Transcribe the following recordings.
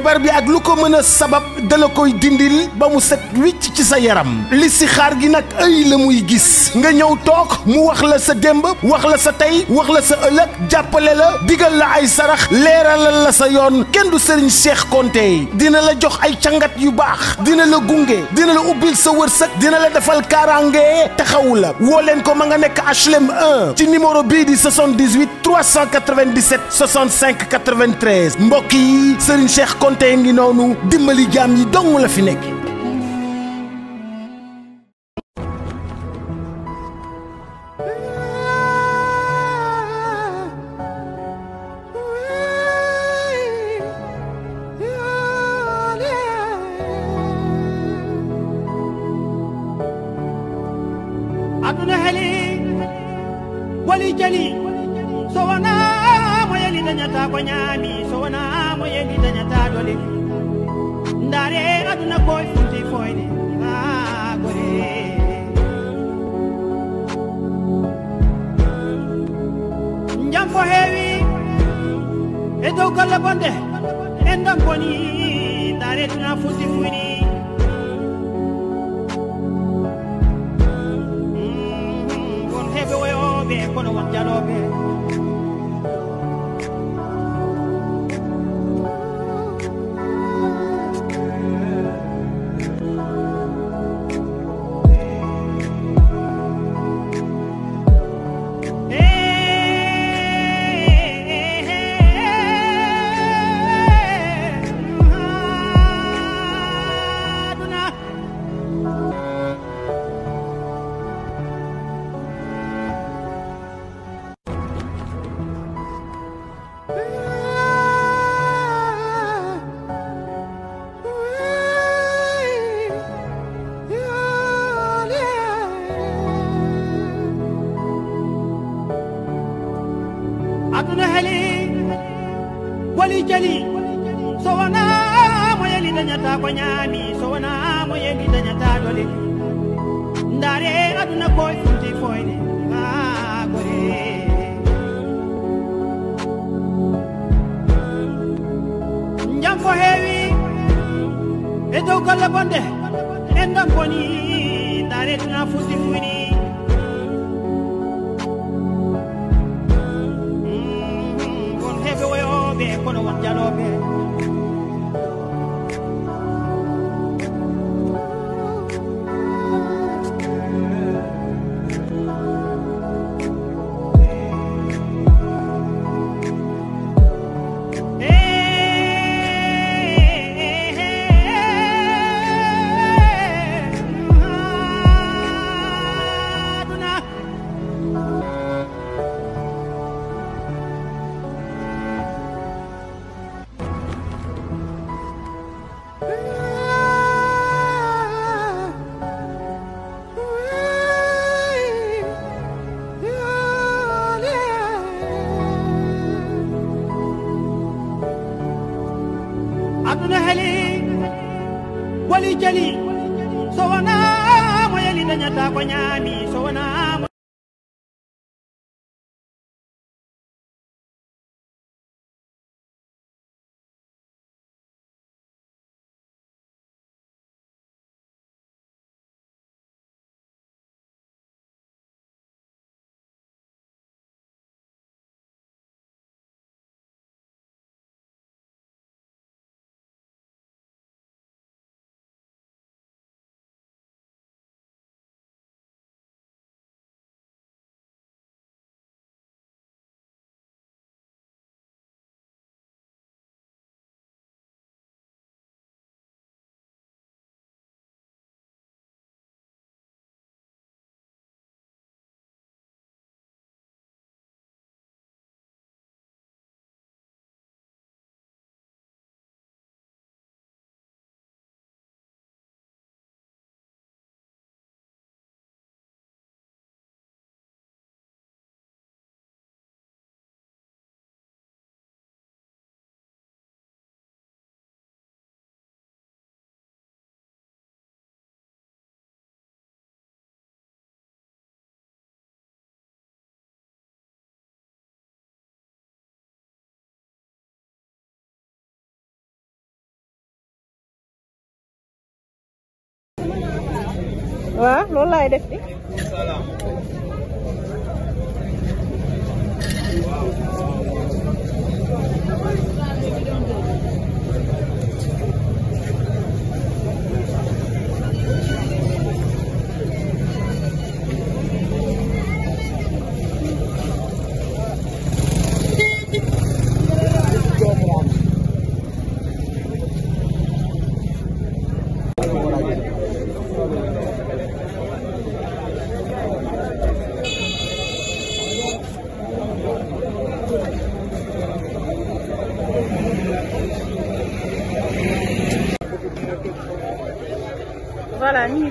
feebar bi ak lu ko mën a sabab dala koy dindil ba mu set wicc ci sa yaram li si xaar gi nag ay la muy gis nga ñëw toog mu wax la sa démb wax la sa tey wax la sa ëllëg jàppale la digal la ay sarax leeralal la sa yoon kenn du Serigne Cheikh Konte dina la jox ay cangat yu baax dina la gunge dina la ubbil sa wërsëg dina la defal kaaraange taxawu la woo leen ko ma nga nekk HLM ci numéro bii di 78. 397 65 93 mbokk yi Serigne Cheikh Konté ngi noonu dimbali jaam yi dong la fi nekk. aduna heli wali jali so wonamo yeli dañata ñaami so wonamo yeli dañata dole ndaare aduna koye funti foyde ha gore jam ko heewi e dow golle bonde en ɗon boni ndaare duna funti fuyni won mm-hmm, heɓe woyoɓe kono won jaloɓe نهلي ولي جلي سوانا moyeli dañata ko ñaami so wona moyeli dañata dole ndaare aduna ko fulti foyde ha gore jam fo heewi e dow golle bonde en dam boni ndaare duna fulti fuy kono won jalooɓe ابن هلي ولي جلي سوانا ما يلي دنيا تا كو نيامي سوانا waaw loolu laay def di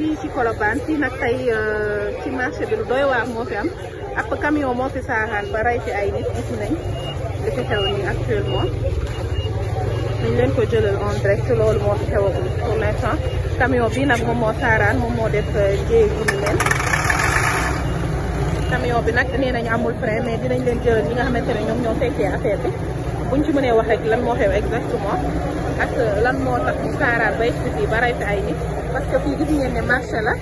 fii ci Colobane fii nag tey euh, ci marché bi lu doy waar moo fi am ab camion moo fi saaraan ba rey fi ay nit gis nañ li fi xew nii actuellement dañ leen ko jëlal en direct loolu moo fi xewagul pour l'instant camion bi nag moom moo saaraan moom moo def jéey euh, mel camion bi nag nee nañu amul frein mais dinañ leen jëlal ñi nga xamante ne ñoom ñoo fekkee affaire bi buñ ci mënee wax rek lan moo xew exactement ak lan moo tax mu saaraat bay ci fii ba rey fi ay nit parce que fii gis ngeen ne marché la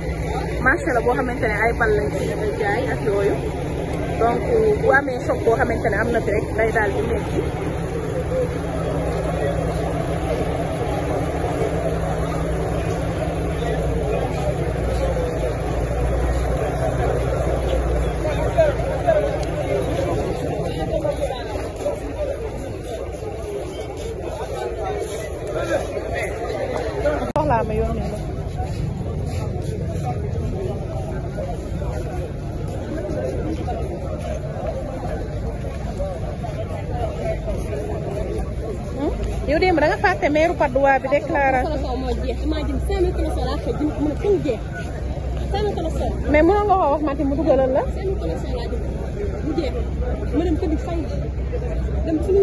marché la boo xamante ne ay bal lañ ci jaay ak yooyu donc bu amee choc boo xamante ne am na fi rek day daal di métti dama yoon la yow démb da nga fàtte maire Padois bi déclaration. mais mënoon nga ko wax Mati mu dugalal la. mu dem tëdd fay dem suñu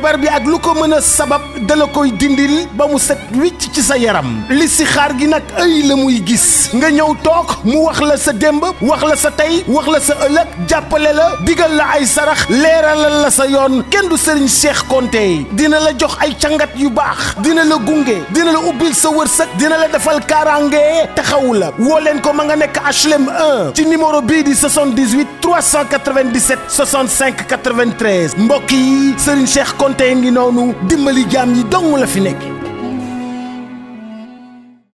feebar bi ak lu ko mën a sabab dala koy dindil ba mu set wicc ci sa yaram li si xaar gi nag ay la muy gis nga ñëw toog mu wax la sa démb wax la sa tey wax la sa ëllëg jàppale la digal la ay sarax leeralal la sa yoon kenn du sëriñ Cheikh Konte dina la jox ay cangat yu baax dina la gunge dina la ubbil sa wërsëg dina la defal kaaraange taxawu la woo leen ko ma nga nekk HLM 1 ci numéro bii di 78 397 65 93 mbokk yi Serigne Cheikh Konte ngi noonu dimbali jaam yi dong la fi nekk.